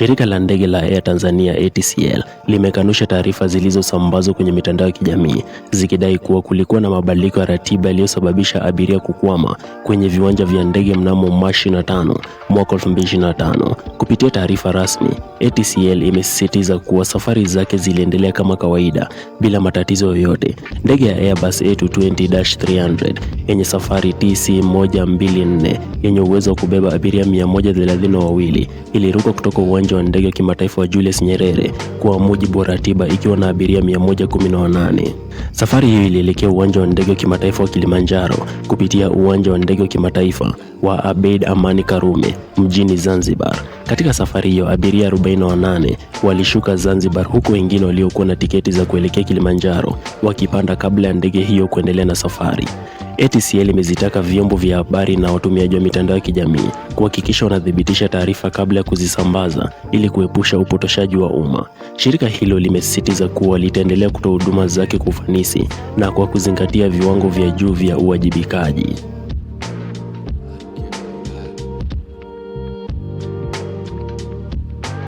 Shirika la ndege la Air Tanzania ATCL limekanusha taarifa zilizosambazwa kwenye mitandao ya kijamii zikidai kuwa kulikuwa na mabadiliko ya ratiba yaliyosababisha abiria kukwama kwenye viwanja vya ndege mnamo Machi 25 mwaka 2025. Kupitia taarifa rasmi, ATCL imesisitiza kuwa safari zake ziliendelea kama kawaida bila matatizo yoyote. Ndege ya Airbus A220-300 yenye safari TC 124 yenye uwezo wa kubeba abiria 132 iliruka kutoka uwanja wa ndege wa kimataifa wa Julius Nyerere kwa mujibu wa ratiba ikiwa na abiria 118. Safari hiyo ilielekea uwanja wa ndege wa kimataifa wa Kilimanjaro kupitia uwanja wa ndege wa kimataifa wa Abeid Amani Karume mjini Zanzibar katika safari hiyo abiria 48 walishuka Zanzibar, huku wengine waliokuwa na tiketi za kuelekea Kilimanjaro wakipanda kabla ya ndege hiyo kuendelea na safari. ATCL imezitaka vyombo vya habari na watumiaji wa mitandao ya kijamii kuhakikisha wanathibitisha taarifa kabla ya kuzisambaza ili kuepusha upotoshaji wa umma. Shirika hilo limesisitiza kuwa litaendelea kutoa huduma zake kwa ufanisi na kwa kuzingatia viwango vya juu vya uwajibikaji.